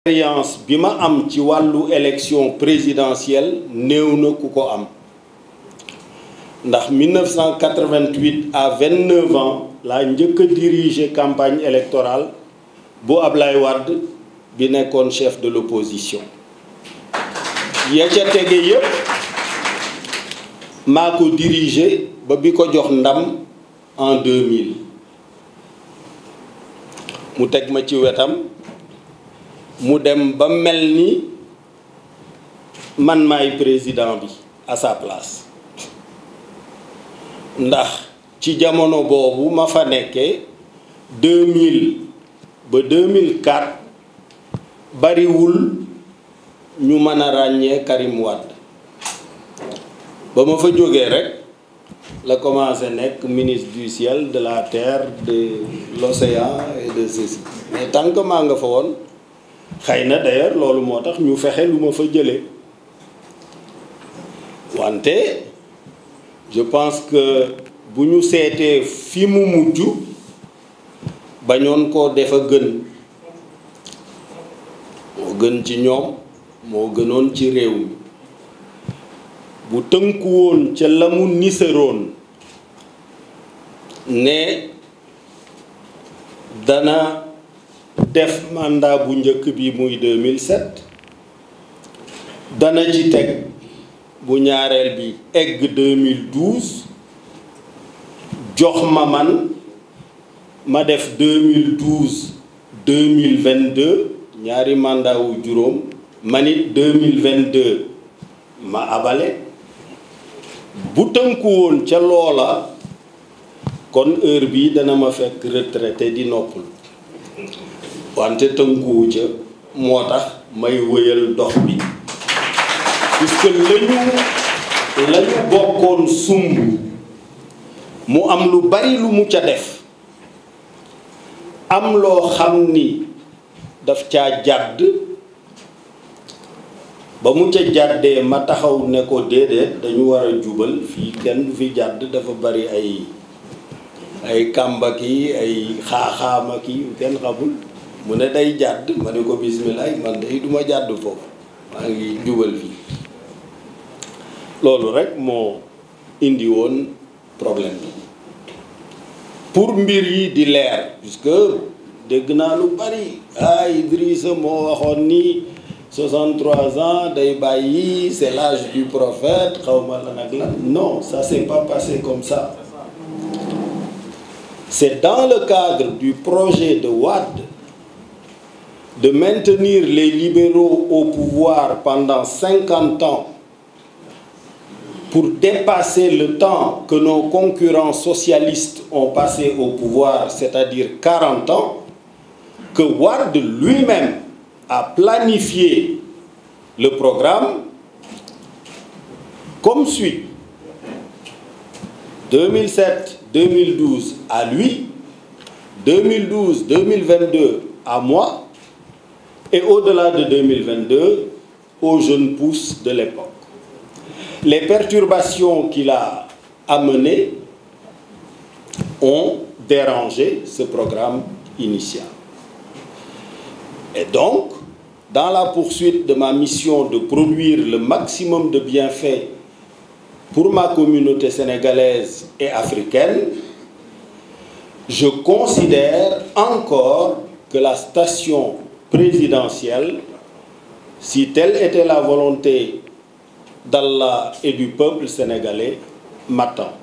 expérience bi ma am ci wàllu élection présidentielle néew na ku ko am ndax 1988 à 29 ans laa njëkk a diriger campagne électorale bu Ablaye Wade bi nekkoon chef de l'opposition ya ca tege yépp maa ko diriger ba bi ko jox ndam en 2000 mu teg ma ci wetam mu dem ba mel ni man maay président bi à sa place ndax ci jamono boobu ma fa nekkee 2000 ba 2004 bariwul ñu mën a ràññee Karim Wade ba ma fa jógee rek la commencé nekk ministre du ciel de la terre de l'océan et de ceci mais tant maa nga fa woon xay na d'ailleurs loolu moo tax ñu fexe lu ma fa jële wante je pense que bu ñu seetee fi mu mujj bañoon koo defa gën moo gën ci ñoom moo gënoon ci réew mi bu tënkuwoon ca la mu niseroon ne dana def mandat bu njëkk bi muy 2007 dana ci teg bu ñaareel bi egg 2012 jox ma man ma def 2012 2022 ñaari mandat wu juróom man vingt 2022 ma abale bu tënku woon ca loola kon heure bi dana ma fekk retraité di noppal wante tënkuwu ca moo tax may wëyal dox bi puisque lañu lañu bokkoon sumb mu am lu bari lu mu ca def am loo xam ni daf caa jàdd ba mu ca jàddee ma taxaw ne ko déedéet dañu war a jubal fii kenn du fi jàdd dafa bari ay ay kàmba ki ay xaaxaama ki kenn xamul mu ne day jàdd ma ne ko bisimilah man day duma jàdd foofu maa ngi jubal fii loolu rek moo indi woon problème bi pour mbir yi di leer puisque dégg naa lu bari ah Idrissa moo waxoon ni ans day bàyyi c'est l'âge du prophète xaw ma lan ak non ça s'est pas passé comme ça c'est dans le cadre du projet de Wade de maintenir les libéraux au pouvoir pendant ans pour dépasser le temps que nos concurrents socialistes ont passé au pouvoir, c'est-à-dire 40 ans, que Ward lui-même a planifié le programme comme suit. 2007-2012 à lui, à moi, et au-delà de 2022 aux jeunes pousses de l'époque. Les perturbations qu'il a amenées ont dérangé ce programme initial. Et donc, dans la poursuite de ma mission de produire le maximum de bienfaits pour ma communauté sénégalaise et africaine, je considère encore que la station présidentielle, si telle était la volonté d'Allah et du peuple sénégalais, m'attend.